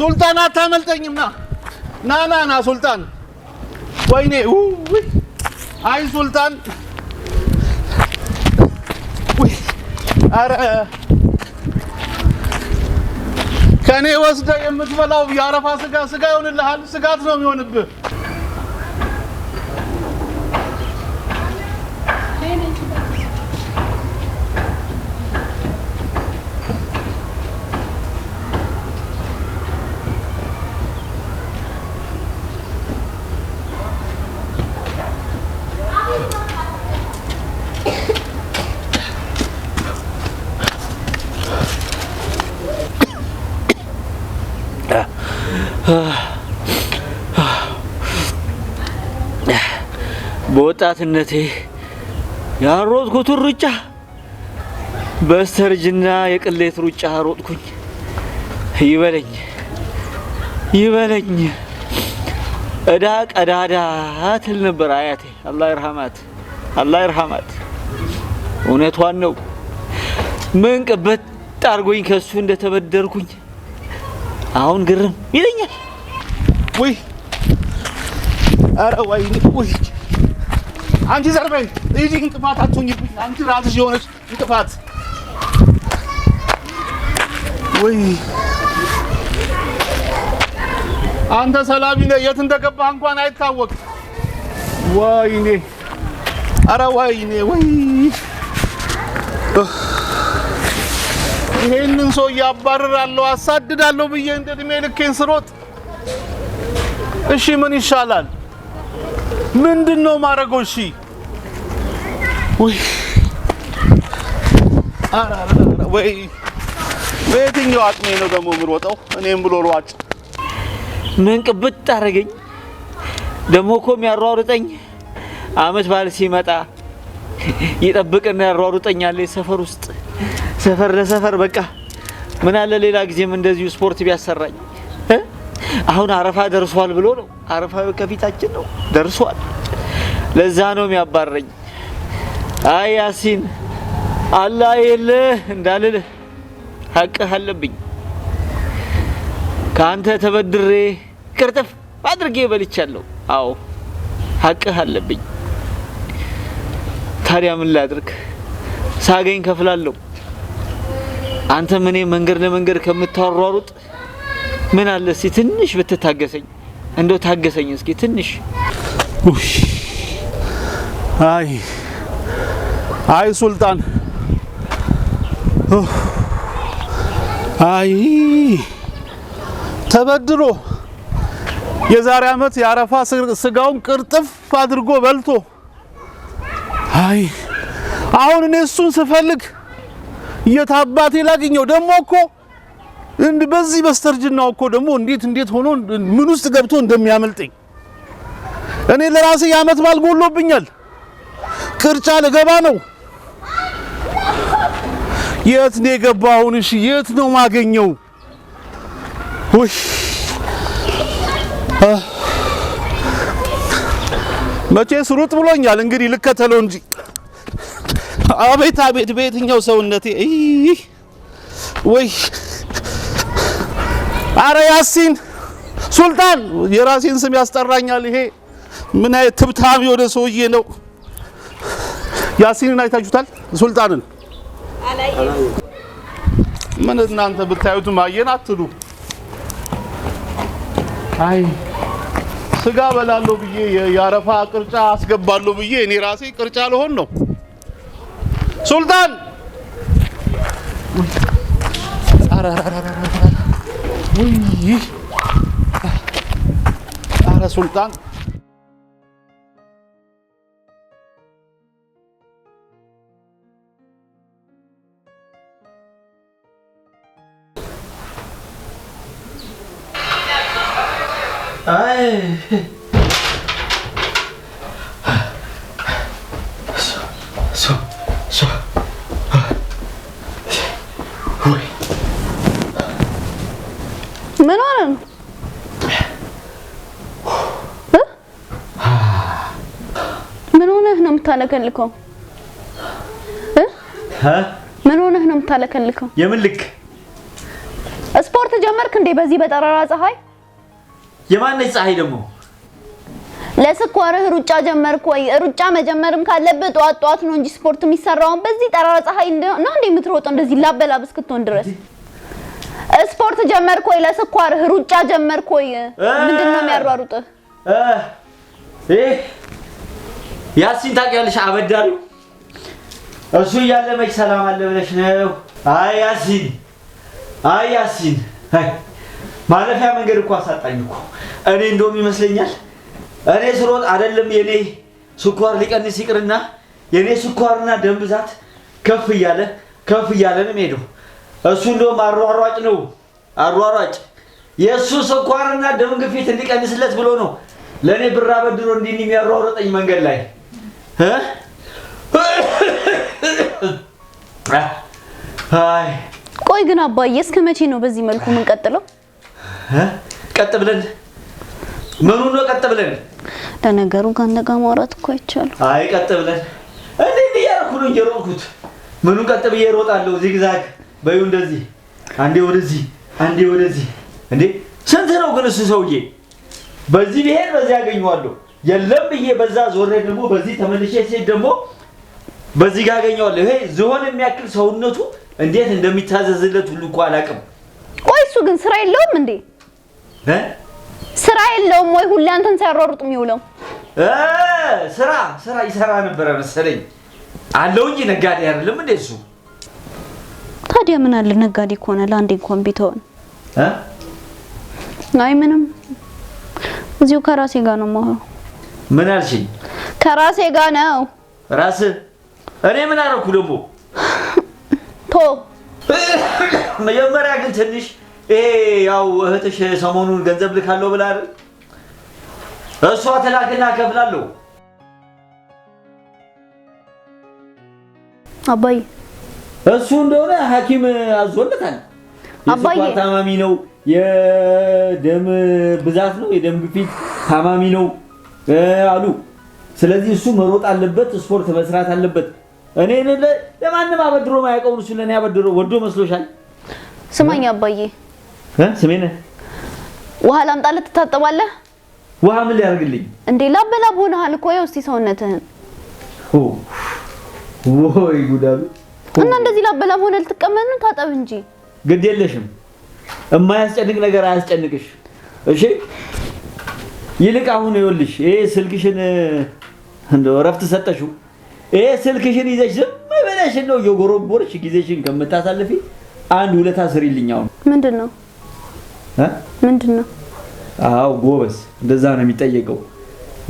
ሱልጣን አታመልጠኝም። ና ና ና ና ሱልጣን፣ ወይኔ አይ ሱልጣን፣ አረ ከኔ ወስደ የምትበላው የአረፋ ስጋ ስጋ ይሆንልሃል። ስጋት ነው የሚሆንብህ በወጣትነቴ ያሮጥኩትን ሩጫ በስተርጅና የቅሌት ሩጫ ሮጥኩኝ። ይበለኝ ይበለኝ። እዳ ቀዳዳ ትል ነበር አያቴ። አላህ ይርሃማት፣ አላህ ይርሃማት። እውነቷን ነው። ምን ቅበት አድርጎኝ ከሱ እንደተበደርኩኝ አሁን ግርም ይለኛል ወይ? ኧረ ወይኔ! አንቺ ዘርበኝ እዚህ እንቅፋት አትሆኝብኝ። አንቺ ራስሽ የሆነች እንቅፋት ወይ አንተ ሰላቢ ነህ። የት እንደገባህ እንኳን አይታወቅ። ወይኔ ኧረ ወይኔ ወይ ይሄንን ሰው እያባርራለሁ አሳድዳለሁ ብዬ እንደ እድሜ ልኬን ስሮጥ እሺ ምን ይሻላል? ምንድን ነው ማድረገው? እሺ ወይ በየትኛው አቅሜ ነው ደግሞ የምሮጠው? እኔም ብሎ ሯጭ ምን ቅብጥ አደረገኝ። ደግሞ እኮ የሚያሯሩጠኝ አመት በዓል ሲመጣ ይጠብቅና ያሯሩጠኛል። ሰፈር ውስጥ ሰፈር ለሰፈር በቃ ምን አለ ሌላ ጊዜም እንደዚሁ ስፖርት ቢያሰራኝ አሁን አረፋ ደርሷል ብሎ ነው። አረፋ ከፊታችን ነው፣ ደርሷል። ለዛ ነው የሚያባረኝ። አይ ያሲን አላህ የለ እንዳልልህ ሀቅህ አለብኝ። ከአንተ ተበድሬ ቅርጥፍ አድርጌ በልቻለሁ። አዎ ሀቅህ አለብኝ። ታዲያ ምን ላድርግ? ሳገኝ ከፍላለሁ። አንተም እኔ መንገድ ለመንገድ ከምታሯሩጥ ምን አለ እስኪ ትንሽ ብትታገሰኝ፣ እንደው ታገሰኝ እስኪ ትንሽ። አይ አይ ሱልጣን አይ ተበድሮ የዛሬ አመት የአረፋ ስጋውን ቅርጥፍ አድርጎ በልቶ፣ አይ አሁን እኔ እሱን ስፈልግ የት አባቴ ላግኘው ደግሞ እኮ በዚህ በስተርጅናው እኮ ደግሞ እንዴት እንዴት ሆኖ ምን ውስጥ ገብቶ እንደሚያመልጠኝ እኔ ለራሴ የዓመት በዓል ጎሎብኛል። ቅርጫ ልገባ ነው። የት ነው የገባሁን? እሺ የት ነው ማገኘው? ውይ መቼስ ሩጥ ብሎኛል። እንግዲህ ልከተለው እንጂ አቤት አቤት፣ በየትኛው ሰውነቴ ወይ አረ ያሲን ሱልጣን የራሴን ስም ያስጠራኛል። ይሄ ምን አይነት ትብታም የሆነ ሰውዬ ነው? ያሲንን አይታችሁታል? ሱልጣንን ምን እናንተ ብታዩትም አየን አትሉ። አይ ስጋ በላለሁ ብዬ የአረፋ ቅርጫ አስገባለሁ ብዬ እኔ ራሴ ቅርጫ ልሆን ነው። ሱልጣን Uy. Ah, Sultán. Ay. የምታለከልከው? ምን ሆነህ ነው የምታለከልከው? የምን ልክ ስፖርት ጀመርክ እንዴ? በዚህ በጠራራ ፀሐይ? የማነች ፀሐይ ደግሞ? ለስኳርህ ሩጫ ጀመርክ ወይ? ሩጫ መጀመርም ካለብህ ጠዋት ጠዋት ነው እንጂ ስፖርት የሚሰራውን በዚህ ጠራራ ፀሐይ ነው እንዴ የምትሮጠው? እንደዚህ ላበላብ እስክትሆን ድረስ ስፖርት ጀመርክ ወይ? ለስኳርህ ሩጫ ጀመርክ ወይ? ምንድን ነው የሚያሯሩጥህ? ያሲን ታውቂያለሽ? አበዳሪ እሱ እያለ መች ሰላም አለ ብለሽ ነው? አይ ያሲን፣ አይ ያሲን፣ አይ ማለፊያ መንገድ እኮ አሳጣኝ እኮ። እኔ እንደውም ይመስለኛል እኔ ስሮጥ አይደለም የኔ ስኳር ሊቀንስ ይቅርና የኔ ስኳርና ደም ብዛት ከፍ እያለ ከፍ እያለ ነው የምሄደው። እሱ እንደውም አሯሯጭ ነው አሯሯጭ። የእሱ ስኳርና ደም ግፊት እንዲቀንስለት ብሎ ነው ለእኔ ብር አበድሮ እንዲህ የሚያሯሯጠኝ መንገድ ላይ ቆይ ግን አባዬ እስከ መቼ ነው በዚህ መልኩ የምንቀጥለው? ቀጥ ብለን ምኑን ነው ቀጥ ብለን? ለነገሩ ከአንተ ጋር ማውራት እኮ አይቻልም። አይ ቀጥ ብለን እንዴ እያደረኩ ነው እየሮጥኩት። ምኑን ቀጥ ብዬ እሮጣለሁ? ዚግዛግ በይው እንደዚህ፣ አንዴ ወደዚህ፣ አንዴ ወደዚህ። እንዴ ስንት ነው ግን እሱ ሰውዬ? በዚህ ብሄድ በዚህ ያገኘዋለሁ። የለም ብዬ በዛ ዞሬ ደግሞ በዚህ ተመልሼ ሴት ደግሞ በዚህ ጋር አገኘዋለሁ። ይሄ ዝሆን የሚያክል ሰውነቱ እንዴት እንደሚታዘዝለት ሁሉ እኮ አላውቅም። ቆይ እሱ ግን ስራ የለውም እንዴ? ስራ የለውም ወይ? ሁሌ አንተን የሚውለው ስራ ስራ ይሰራ ነበረ መሰለኝ። አለው እንጂ ነጋዴ አይደለም እንዴ እሱ? ታዲያ ምን አለ ነጋዴ ከሆነ ለአንዴ እንኳን አይ ምንም፣ እዚሁ ከራሴ ጋር ነው የማወራው ምን አልሽኝ? ከራሴ ጋር ነው። ራስ እኔ ምን አደረኩ ደግሞ? ቶ መጀመሪያ ግን ትንሽ ይሄ ያው እህትሽ ሰሞኑን ገንዘብ ልካለሁ ብላ እሷ ትላክና ከብላለሁ አባይ እሱ እንደሆነ ሐኪም አዞለታል። አባይ ታማሚ ነው። የደም ብዛት ነው፣ የደም ግፊት ታማሚ ነው አሉ። ስለዚህ እሱ መሮጥ አለበት፣ ስፖርት መስራት አለበት። እኔ ለማንም አበድሮ ማያውቀውን እሱ ለእኔ አበድሮ ወዶ መስሎሻል? ስማኝ አባዬ፣ ስሜነ ውሃ ላምጣልህ፣ ትታጠባለህ። ውሃ ምን ሊያደርግልኝ እንዴ? ላብ ሆነሃል እኮ ይኸው፣ እስኪ ሰውነትህን ወይ ጉዳሉ። እና እንደዚህ ላብ ሆነ ልትቀመጥ ነው? ታጠብ እንጂ። ግድ የለሽም። የማያስጨንቅ ነገር አያስጨንቅሽ። እሺ ይልቅ አሁን ይኸውልሽ ይሄ ስልክሽን እንደው እረፍት ሰጠሽው። ይሄ ስልክሽን ይዘሽ ዝም ብለሽ ነው የጎረጎርሽ ጊዜሽን ከምታሳልፊ አንድ ውለታ ስሪልኝ። አሁን ምንድን ነው እ ምንድን ነው? አዎ ጎበዝ፣ እንደዛ ነው የሚጠየቀው።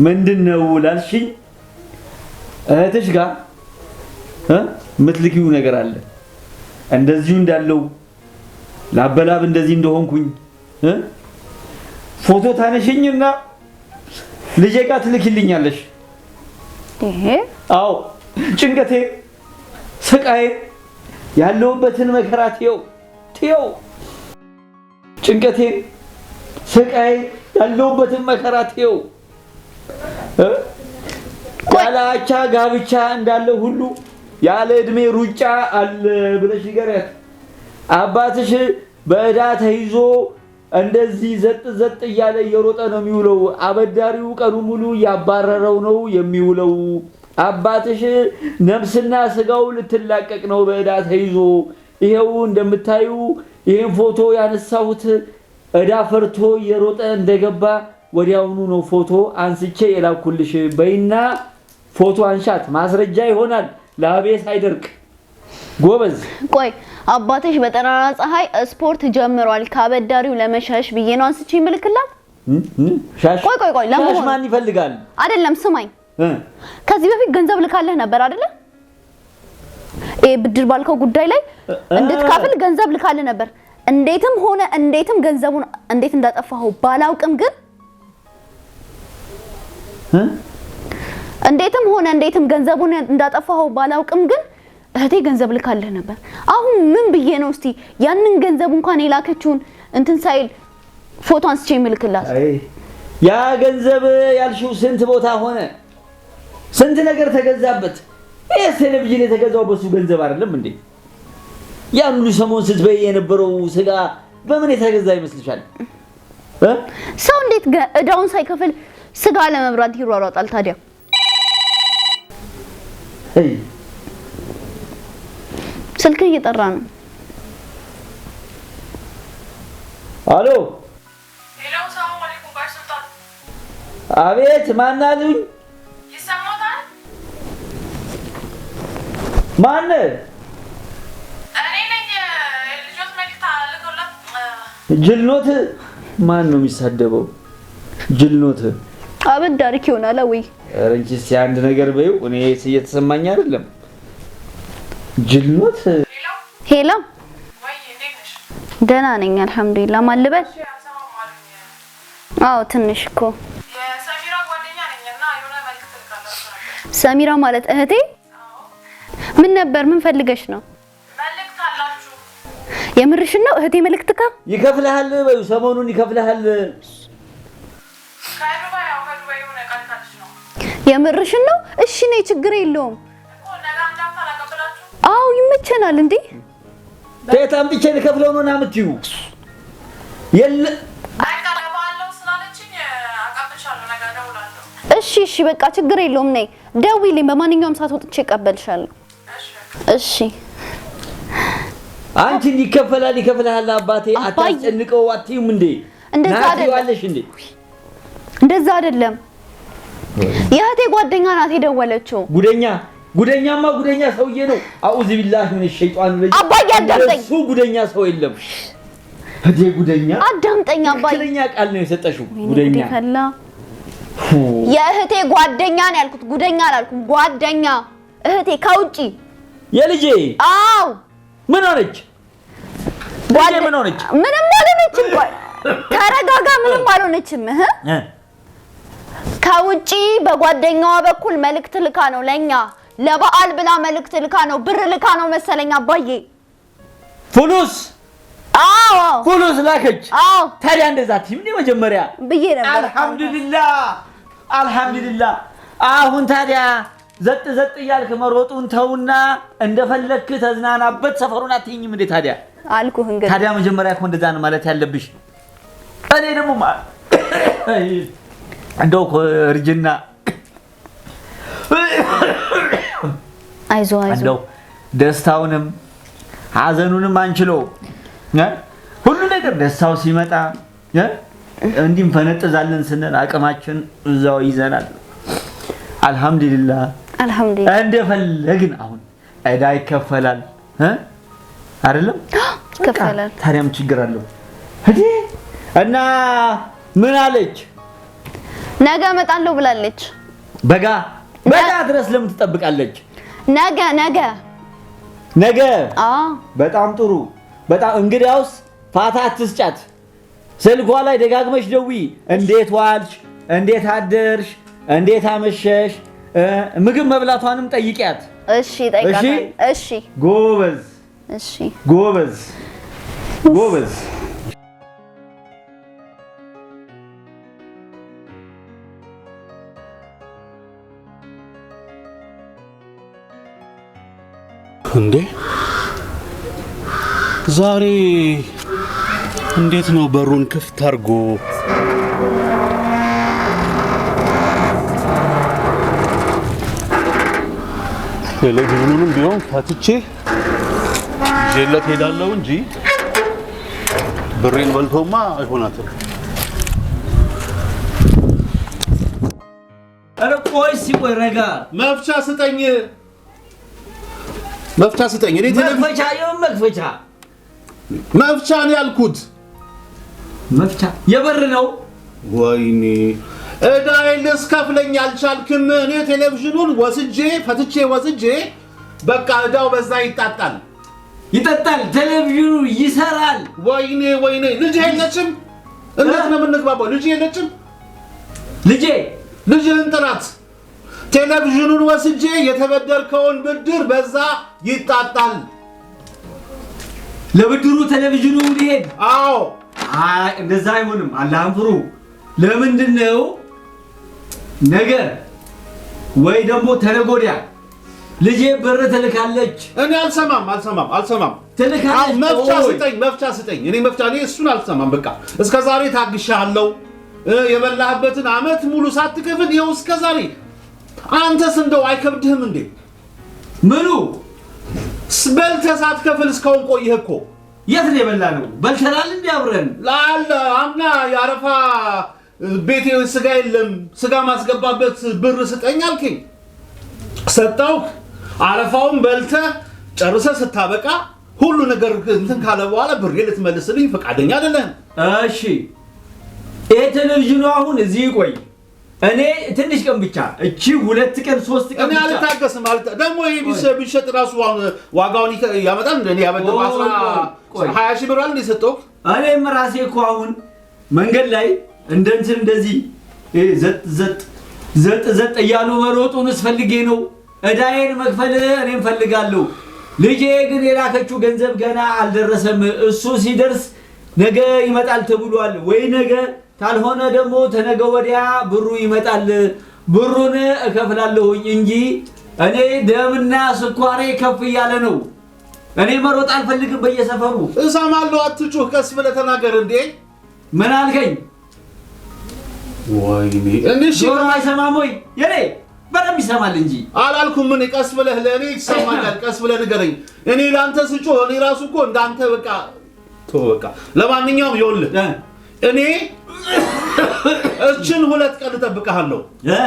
ምንድን ነው ላልሽኝ እህትሽ ጋር እ ምትልኪው ነገር አለ እንደዚሁ እንዳለው ላበላብ እንደዚህ እንደሆንኩኝ ፎቶ ታነሽኝና ልጄ ጋር ትልክልኛለሽ። ይሄ አዎ፣ ጭንቀቴ፣ ስቃዬ፣ ያለሁበትን መከራ ትየው ትየው። ጭንቀቴ፣ ስቃዬ፣ ያለሁበትን መከራ ትየው። ያለ አቻ ጋብቻ እንዳለ ሁሉ ያለ እድሜ ሩጫ አለ ብለሽ ንገሪያት። አባትሽ በእዳ ተይዞ እንደዚህ ዘጥ ዘጥ እያለ እየሮጠ ነው የሚውለው። አበዳሪው ቀኑ ሙሉ እያባረረው ነው የሚውለው። አባትሽ ነፍስና ስጋው ልትላቀቅ ነው በእዳ ተይዞ። ይሄው እንደምታዩ ይህን ፎቶ ያነሳሁት እዳ ፈርቶ እየሮጠ እንደገባ ወዲያውኑ ነው ፎቶ አንስቼ የላኩልሽ። በይና ፎቶ አንሻት፣ ማስረጃ ይሆናል ለአቤት አይደርቅ። ጎበዝ ቆይ አባትሽ በጠራራ ፀሐይ ስፖርት ጀምሯል ካበዳሪው ለመሸሽ ብዬ ነው አንስቼ ሻሽ ቆይ ቆይ ቆይ፣ ለምን ማን ይፈልጋል? አይደለም ስማኝ፣ ከዚህ በፊት ገንዘብ ልካለህ ነበር አይደለ? ይሄ ብድር ባልከው ጉዳይ ላይ ካፍል ገንዘብ ልካለህ ነበር። እንዴትም ሆነ እንዴትም ገንዘቡን እንዴት እንዳጠፋኸው ባላውቅም ግን እንዴትም ሆነ እንዴትም ገንዘቡን እንዳጠፋኸው ባላውቅም ግን እህቴ ገንዘብ ልካልህ ነበር። አሁን ምን ብዬ ነው እስቲ ያንን ገንዘብ እንኳን የላከችውን እንትን ሳይል ፎቶ አንስቼ ምልክላት። ያ ገንዘብ ያልሽው ስንት ቦታ ሆነ፣ ስንት ነገር ተገዛበት። ይህ ቴሌቪዥን የተገዛው በሱ ገንዘብ አይደለም እንዴ? ያን ሁሉ ሰሞን ስትበይ የነበረው ስጋ በምን የተገዛ ይመስልሻል? ሰው እንዴት እዳውን ሳይከፍል ስጋ ለመብራት ይሯሯጣል ታዲያ? ስልክ እየጠራ ነው። አሎ አቤት፣ ማናሉኝ? ይሰማታል? ማን? እኔ ነኝ። ልጆት መልክታ ልኮላት። ጅልኖት ማን ነው የሚሳደበው? ጅልኖት አበዳሪክ ይሆናል ወይ? ኧረ አንቺስ አንድ ነገር በይው። እኔ እየተሰማኝ አይደለም ጅልኖት ሄሎ፣ ደህና ነኝ አልሐምዱሊላ። ማን ልበል? አዎ ትንሽ እኮ ሰሚራ ማለት እህቴ። ምን ነበር? ምን ፈልገሽ ነው? የምርሽን ነው እህቴ? መልእክት ካ ይከፍልሃል፣ ሰሞኑን ይከፍልሃል። የምርሽን ነው? እሺ ነይ፣ ችግር የለውም ተመቸናል እንዴ? ቤት አምጥቼ ልከፍለው ነው ና የምትይው የለ እሺ እሺ፣ በቃ ችግር የለውም። ነይ ደውዪልኝ፣ በማንኛውም ሰዓት ወጥቼ እቀበልሻለሁ። እሺ አንቺ ይከፈላል ይከፍልሃል። አባቴ አታስጨንቀው። አትይም እንዴ? እንደዛ አይደለም፣ እንዴ እንደዛ አይደለም። የእህቴ ጓደኛ ናት የደወለችው። ጉደኛ ጉደኛማ ጉደኛ ሰውዬ ነው። አኡዝ ቢላህ ምን ሸይጣን ነው። አባዬ አዳምጠኝ። እሱ ጉደኛ ሰው የለም። እዴ ጉደኛ አዳምጠኝ። አባዬ ጉደኛ ቃል ነው የሰጠሽው። ጉደኛ የእህቴ ጓደኛ ነው ያልኩት። ጉደኛ አላልኩም። ጓደኛ እህቴ ከውጪ የልጄ አው ምን ሆነች? ምን ሆነች? ምንም አልሆነችም። ቆይ ተረጋጋ። ምንም አልሆነችም። እህ ከውጪ በጓደኛዋ በኩል መልእክት ልካ ነው ለኛ ለበዓል ብላ መልእክት ልካ ነው፣ ብር ልካ ነው መሰለኝ አባዬ። ፉሉስ አዎ፣ ፉሉስ ላከች። አዎ፣ ታዲያ እንደዛ አትይም ነው መጀመሪያ ብዬ ነበር። አልሐምዱሊላህ አልሐምዱሊላህ። አሁን ታዲያ ዘጥ ዘጥ እያልክ መሮጡን ተውና እንደፈለክ ተዝናናበት። ሰፈሩን አትይኝም እንዴ ታዲያ አልኩህ። እንግዲህ ታዲያ መጀመሪያ እኮ እንደዛ ነው ማለት ያለብሽ። እኔ ደግሞ እንደው እርጅና እንደው ደስታውንም ሀዘኑንም አንችሎ ሁሉ ነገር ደስታው ሲመጣ እንዲህ ፈነጥዛለን ስንል አቅማችን እዛው ይዘናል። አልሐምዱሊላህ እንደፈለግን አሁን ዕዳ ይከፈላል አይደለም? ይከፈላል። ታዲያም ችግር አለው እና ምን አለች? ነገ እመጣለሁ ብላለች። በጋ በጋ ድረስ ለምን ትጠብቃለች? ነገ ነገ ነገ። በጣም ጥሩ በጣም እንግዲያውስ፣ ፋታ አትስጫት። ስልኳ ላይ ደጋግመሽ ደዊ። እንዴት ዋልሽ? እንዴት አደርሽ? እንዴት አመሸሽ? ምግብ መብላቷንም ጠይቂያት። እሺ፣ ጠይቃታለሁ። እሺ፣ ጎበዝ፣ ጎበዝ፣ ጎበዝ እሺ እንዴ ዛሬ እንዴት ነው በሩን ክፍት አድርጎ ቴሌቪዥኑንም ቢሆን ፈትቼ ጀለት ሄዳለሁ እንጂ ብሬን በልቶማ አይሆናትም። ኧረ ቆይ ሲቆይ ረጋ መፍቻ ስጠኝ። መፍቻ ስጠኝ። እኔ መክፈቻ ይሁን መክፈቻ መፍቻ ነው ያልኩት። መፍቻ የበር ነው። ወይኔ እዳዬን ልስከፍለኝ አልቻልክም። እኔ ቴሌቪዥኑን ወስጄ ፈትቼ ወስጄ በቃ እዳው በዛ ይጣጣል ይጠጣል። ቴሌቪዥኑ ይሰራል። ወይኔ ወይኔ ልጅ የለችም። እንዴት ነው የምንግባባው? ልጅ የለችም። ልጄ ልጅህን ጥላት ቴሌቪዥኑን ወስጄ የተበደርከውን ብድር በዛ ይጣጣል። ለብድሩ ቴሌቪዥኑ ሊሄድ? አዎ። አይ እንደዛ አይሆንም። አላህን ፍሩ። ለምንድን ነው ነገ ወይ ደግሞ ተነጎዲያ ልጄ ብር ትልካለች። እኔ አልሰማም አልሰማም አልሰማም። ትልካለች። መፍቻ ስጠኝ መፍቻ ስጠኝ። እኔ መፍቻ እኔ እሱን አልሰማም። በቃ እስከ ዛሬ ታግሻለሁ። የበላህበትን አመት ሙሉ ሳትከፍል ይኸው እስከ ዛሬ አንተስ እንደው አይከብድህም እንዴ? ምኑ በልተህ ሳትከፍል እስካሁን ቆይህ እኮ። የት ነው የበላነው? በልተናል እንዴ አብረን? ላለ አምና የአረፋ ቤቴ ስጋ የለም ስጋ ማስገባበት ብር ስጠኝ አልከኝ፣ ሰጠውክ። አረፋውን በልተ ጨርሰ ስታበቃ ሁሉ ነገር እንትን ካለ በኋላ ብሬ ልትመልስልኝ ፈቃደኛ አይደለህም። እሺ ይሄ ቴሌቪዥኑ አሁን እዚህ ቆይ። እኔ ትንሽ ቀን ብቻ እቺ ሁለት ቀን ሶስት ቀን እኔ አልታገስም። ማለት ደግሞ ይሄ ቢሸጥ ራሱ ዋጋውን ያመጣል። እንደ እኔ ያበደው 20 ሺህ ብር እንደ ሰጠው እኔም ራሴ እኮ አሁን መንገድ ላይ እንደ እንትን እንደዚህ ዘጥ ዘጥ ዘጥ ዘጥ እያሉ መሮጡን እስፈልጌ ነው። እዳዬን መክፈል እኔም ፈልጋለሁ። ልጄ ግን የላከችው ገንዘብ ገና አልደረሰም። እሱ ሲደርስ ነገ ይመጣል ተብሏል ወይ ነገ ካልሆነ ደግሞ ተነገ ወዲያ ብሩ ይመጣል፣ ብሩን እከፍላለሁኝ እንጂ እኔ ደምና ስኳሬ ከፍ እያለ ነው። እኔ መሮጥ አልፈልግም በየሰፈሩ። እሰማለሁ። አትጩህ፣ ቀስ ብለህ ተናገር። እንዴ ምን አልከኝ? ወይኔ ጆሮ አይሰማም ወይ? የኔ በደምብ ይሰማል እንጂ አላልኩም። ምን ቀስ ብለህ ለእኔ ይሰማኛል። ቀስ ብለህ ንገረኝ። እኔ ለአንተ ስጮህ እኔ ራሱ እኮ እንዳንተ በቃ ተወው በቃ። ለማንኛውም ይኸውልህ እኔ እችን ሁለት ቀን እጠብቅሃለሁ።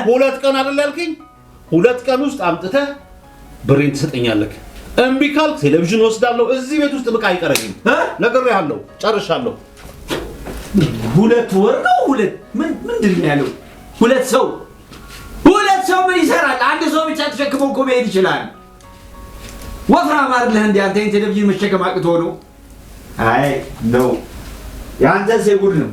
ሁለት ቀን አይደል ያልከኝ? ሁለት ቀን ውስጥ አምጥተህ ብሬን ትሰጠኛለህ። እምቢ ካልክ ቴሌቪዥን ወስዳለሁ። እዚህ ቤት ውስጥ ብቃ አይቀረኝም። ነግሬሃለሁ። ጨርሻለሁ። ሁለት ወር ነው። ሁለት ምን ምንድን ነው ያለው? ሁለት ሰው ሁለት ሰው ምን ይሰራል? አንድ ሰው ብቻ ተሸክሞ እኮ መሄድ ይችላል። ወፍራም አይደለህ እንዴ አንተ? ቴሌቪዥን መሸከም አቅቶ ነው። አይ ነው የአንተስ የጉድ ነው